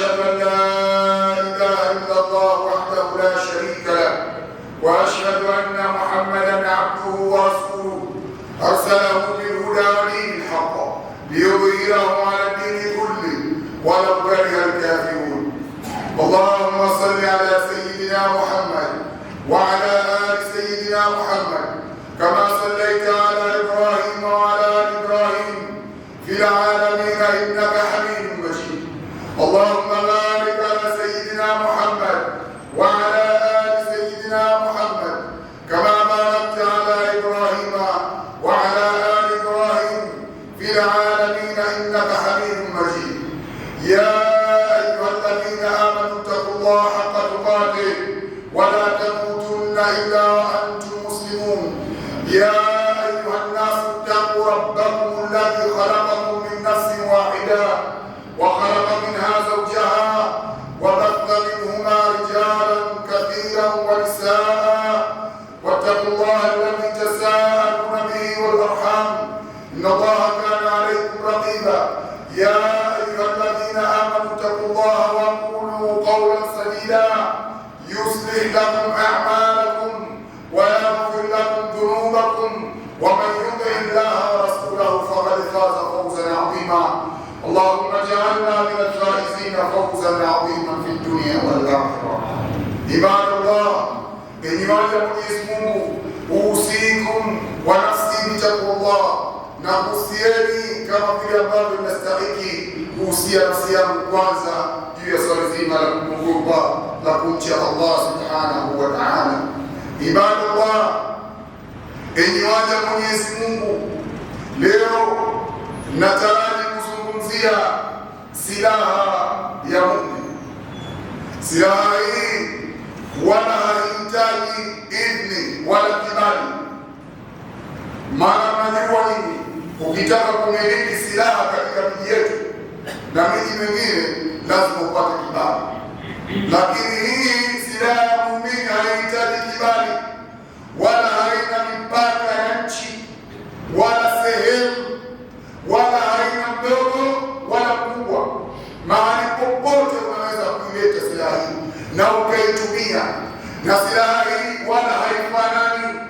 أشهد ان لا اله الا الله وحده لا شريك له واشهد ان محمدا عبده ورسوله ارسله بالهدى ودين الحق ليظهره على الدين كله ولو كره الكافرون اللهم صل على سيدنا محمد فاز فوزا عظيما اللهم اجعلنا من الفائزين فوزا عظيما في الدنيا والاخره عباد الله بنواجه Mwenyezi Mungu usikum wa nafsi bitaqwa kama vile ambavyo inastahiki kuhusia nafsi yangu kwanza juu ya swala zima la kumwogopa la kumcha Allah subhanahu wa ta'ala. Ibadallah, enyi waja Mwenyezi Mungu, leo nataraji kuzungumzia silaha ya mume. Silaha hii wala haihitaji idhini wala kibali, maana najua nyinyi, ukitaka kumiliki silaha katika miji yetu na miji mingine lazima upate kibali, lakini hii silaha dunia, na silaha hii wala haifanani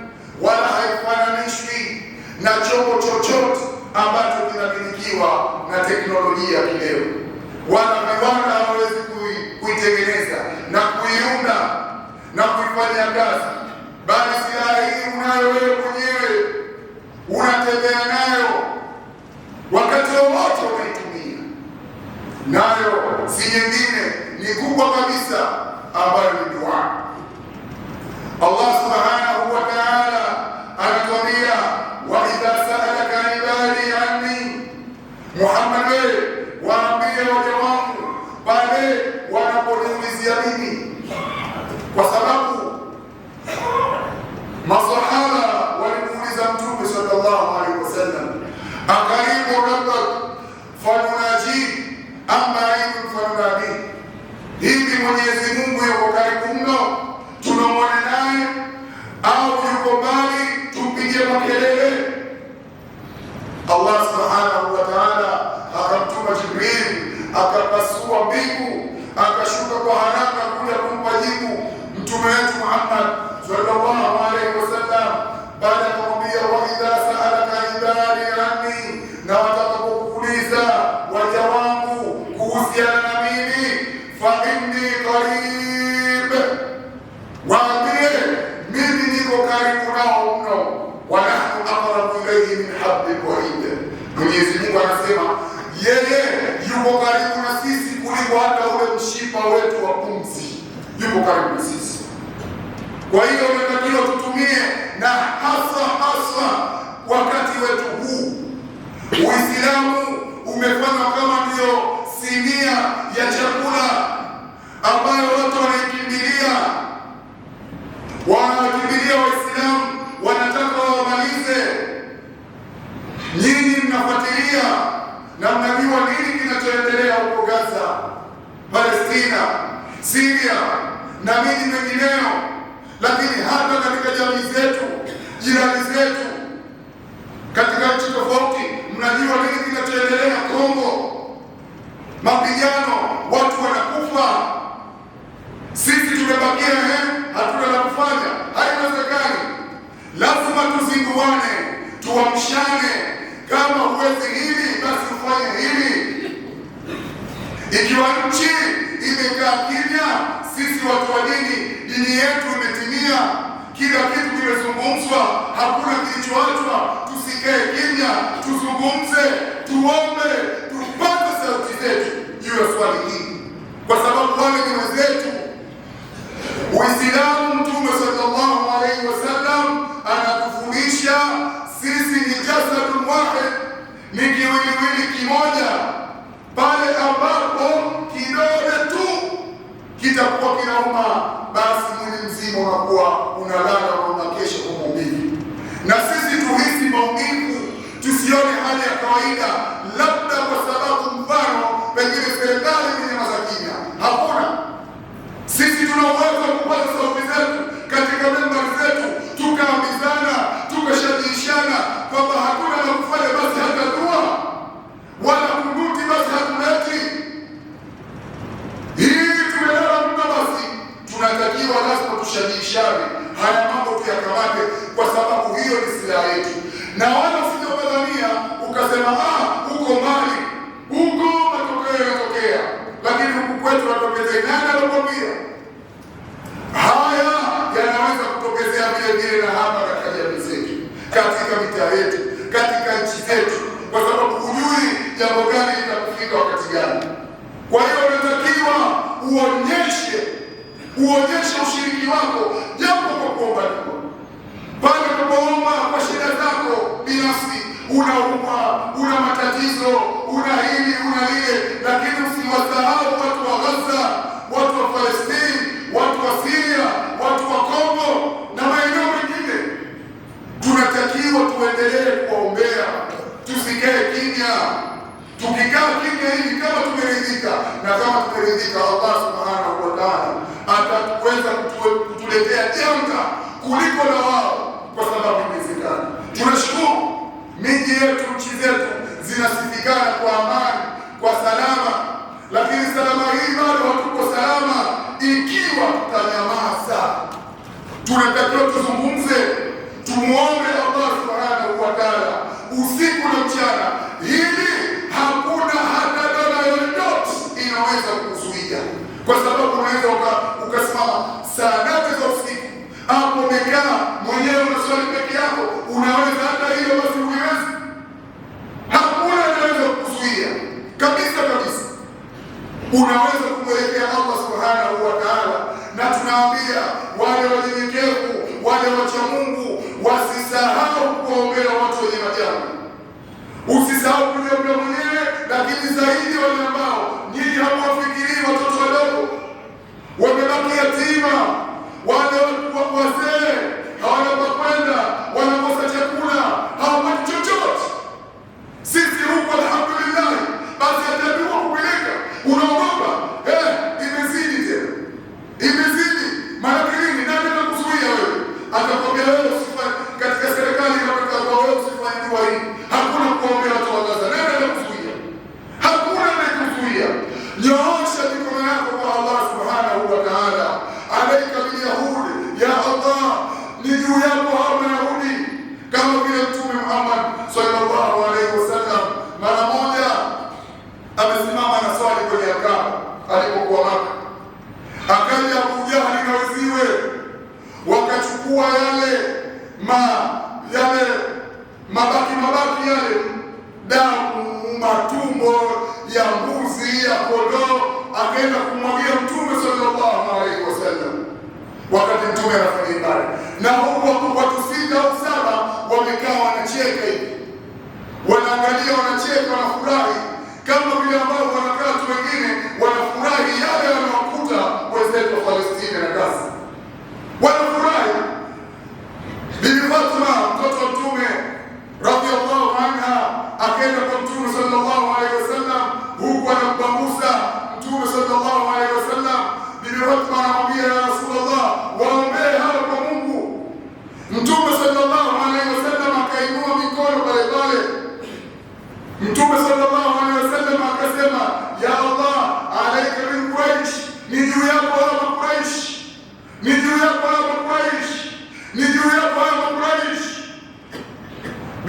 wala haifananishwi na chombo chochote ambacho kinamilikiwa na teknolojia kileo, wala viwanda hawawezi kuitengeneza na kuiunda na kuifanya kazi, bali silaha hii unayo wewe mwenyewe, unatembea nayo wakati wowote unaitumia, nayo si nyingine, ni kubwa kabisa ambayo ni dua. Allah subhanahu wa ta'ala anatuambia wa idha akapasua mbingu, akashuka kwa haraka kuja kumpa jibu mtume wetu Muhammad sallallahu alaihi wasallam baada karibu na sisi. Kwa hiyo tunatakiwa tutumie na hasa hasa wakati wetu huu. Uislamu umefanywa kama ndiyo sinia ya chakula ambayo watu wanaikimbilia, wanawakimbilia Waislamu, wanataka wamalize. Nyinyi mnafuatilia na mnajua nini kinachoendelea huko Gaza, Palestina, Syria na mimi mengineo, lakini hata katika jamii zetu, jirani zetu, katika nchi tofauti. Mnajua nini kinachoendelea Kongo? Mapigano, watu wanakufa, sisi tumebakia eh, hatuna la kufanya. Haiwezekani, lazima tuzinguane, tuamshane. Kama huwezi hili, basi ufanye hili. Ikiwa nchi imekaa kimya sisi watu wa dini, dini yetu imetimia, kila kitu kimezungumzwa, hakuna kilichoachwa. Tusikae kimya, tuzungumze, tuombe, tupate sauti zetu juu ya swali hili. kwa kinauma, basi mwili mzima unakuwa unalala na unakesha kwa maumivu, na sisi tuhisi maumivu, tusione hali ya kawaida, labda kwa sababu mfano pengine serikali imenyamaza kimya. Hakuna, sisi tuna uwezo wa kupata kuonyesha ushiriki wako japo kwa kuomba dua pale unapoomba kwa shida zako binafsi, unaumwa, una matatizo, una hili, una lile, lakini usiwasahau watu wa Gaza, watu wa Palestini, watu wa siria watu wa Kongo na maeneo mengine. Tunatakiwa tuendelee kuwaombea, tusikae kimya. Tukikaa kimya hivi, kama tumeridhika na kama tumeridhika, Allah subhanahu wa ta'ala ataweza kutuletea janga kuliko na wao, kwa sababu imezikana. Tunashukuru miji yetu, nchi zetu zinasifikana kwa unaweza hata hilo basi uiwezi, hakuna anaweza kukuzuia kabisa kabisa. Unaweza kumwelekea Allah subhanahu wa taala, na tunaambia yetu kama vile ambao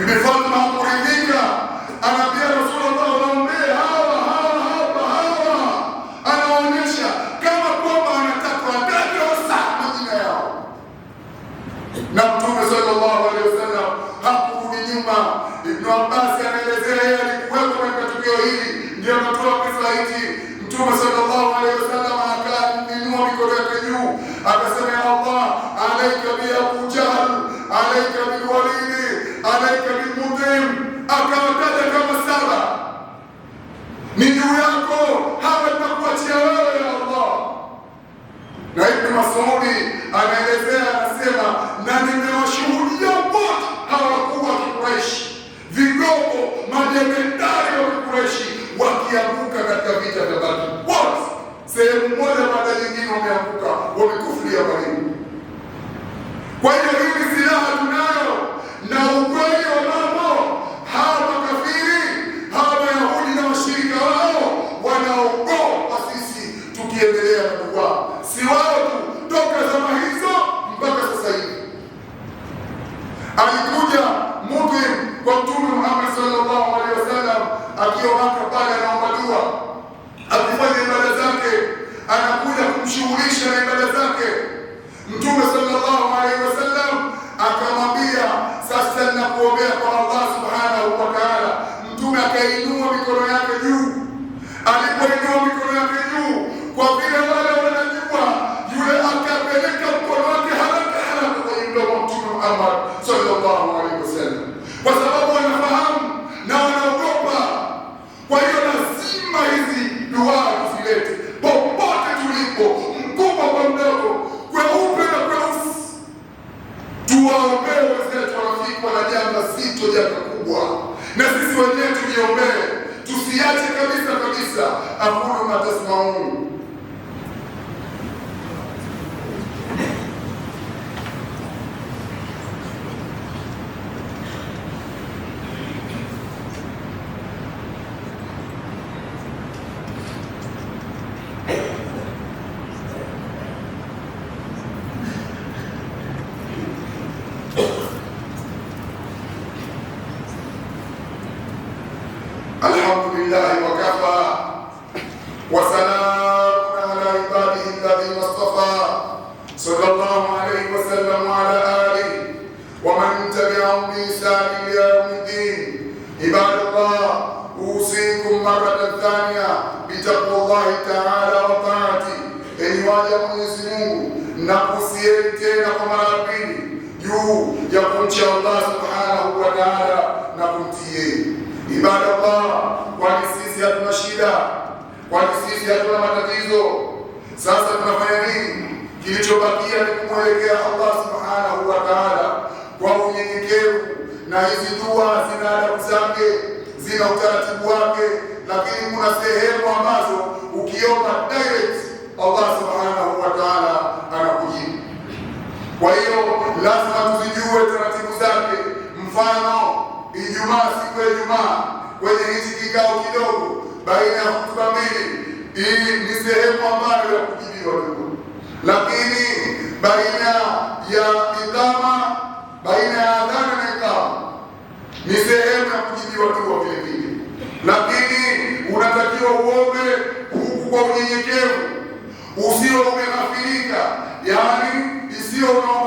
You can Masoudi anaelezea anasema, na nimewashuhudia wote hawa wakuu wa Kikureshi, vigogo, majembe mwaka pale anaomba dua, akifanya ibada zake anakuja kumshughulisha na ibada zake. Mtume sallallahu alaihi wasallam akamwambia, sasa ninakuombea kwa ndicho jambo kubwa, na sisi wenyewe tujiombee, tusiache kabisa kabisa. akulu matasmaun ya Mwenyezi Mungu na kusieni tena kwa mara ya pili juu ya kumcha Allah subhanahu wa ta'ala na kumtii. Ibadallah, kwani sisi hatuna shida, kwani sisi hatuna matatizo. Sasa tunafanya nini? Kilichobakia ni kumwelekea Allah subhanahu wa ta'ala kwa unyenyekevu, na hizi dua zina adabu zake, zina utaratibu wake, lakini kuna sehemu ambazo ukiomba direct Allah subhanahu kwa hiyo lazima tuzijue taratibu zake. Mfano, Ijumaa, siku ya Ijumaa kwenye hichi kikao kidogo baina ya hutuba mbili, hii ni sehemu ambayo ya kujibiwa tu, lakini baina ya ikama, baina ya adhana na ikama ni sehemu ya kujibiwa tu vile vile, lakini unatakiwa uombe huku kwa unyenyekevu, usio umeghafilika, yaani still don't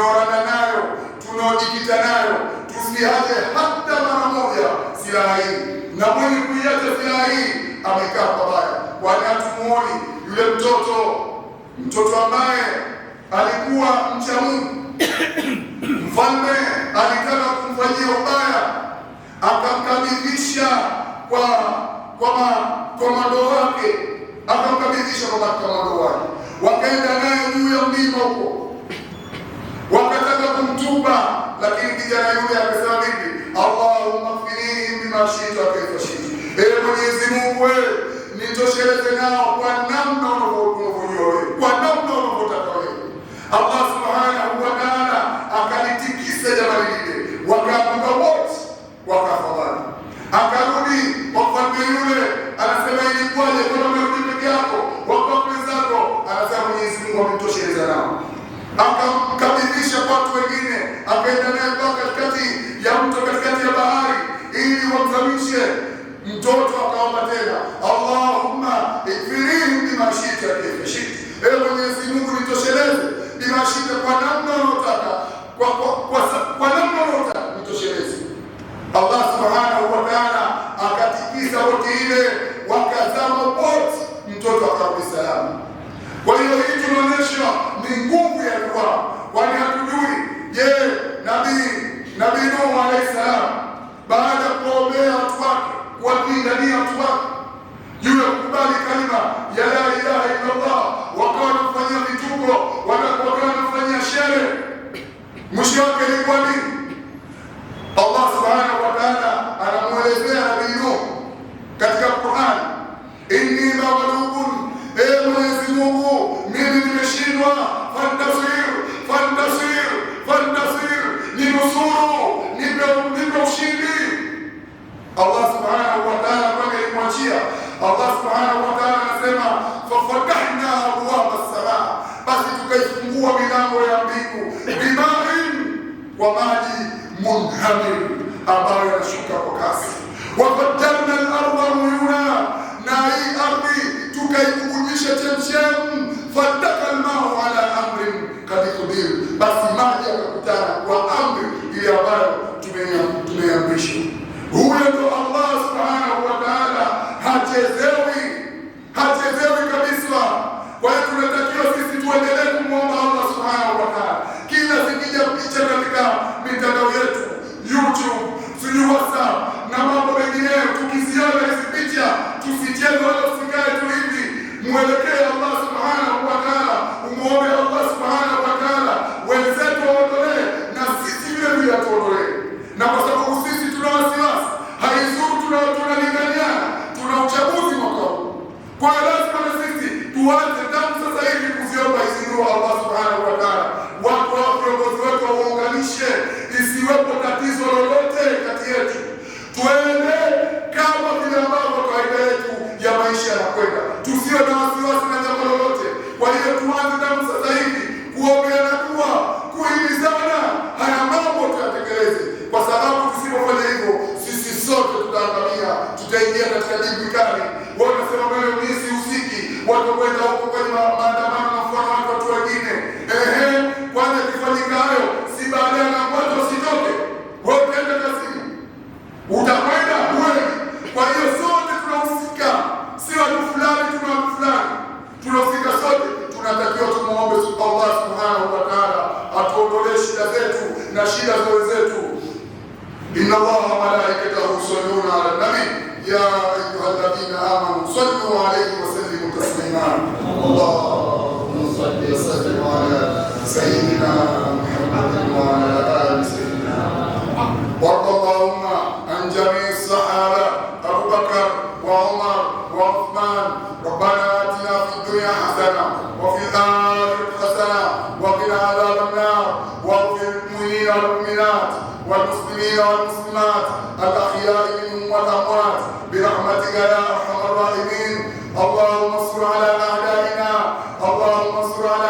tunaorana nayo, tunaojikita nayo, tusiache hata mara moja silaha hii, na mwenye kuiacha silaha hii amekaa pabaya, kwani hatumuoni yule mtoto, mtoto ambaye alikuwa mcha Mungu. Mfalme alitaka kumfanyia ubaya, akamkabidhisha kwa kwa makomando wake, akamkabidhisha kwa makomando wake, wakaenda naye juu ya mlima huko wakataka kumtuba, lakini kijana yule akasema vipi? Allahumma fini bima shita kaifa shita, ee Mwenyezi Mungu, wewe nitosheleze nao kwa namna Allah watangaza wenzetu, inna Allaha wa malaikatahu yusalluna ala nabi ya ayyuhalladhina amanu sallu alayhi wa sallimu taslima. Allahumma salli wa sallim ala sayyidina Muhammadin wa ala المسلمات الأحياء منهم والأموات برحمتك يا أرحم الراحمين اللهم انصر على أعدائنا اللهم انصر على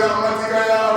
गया मच गया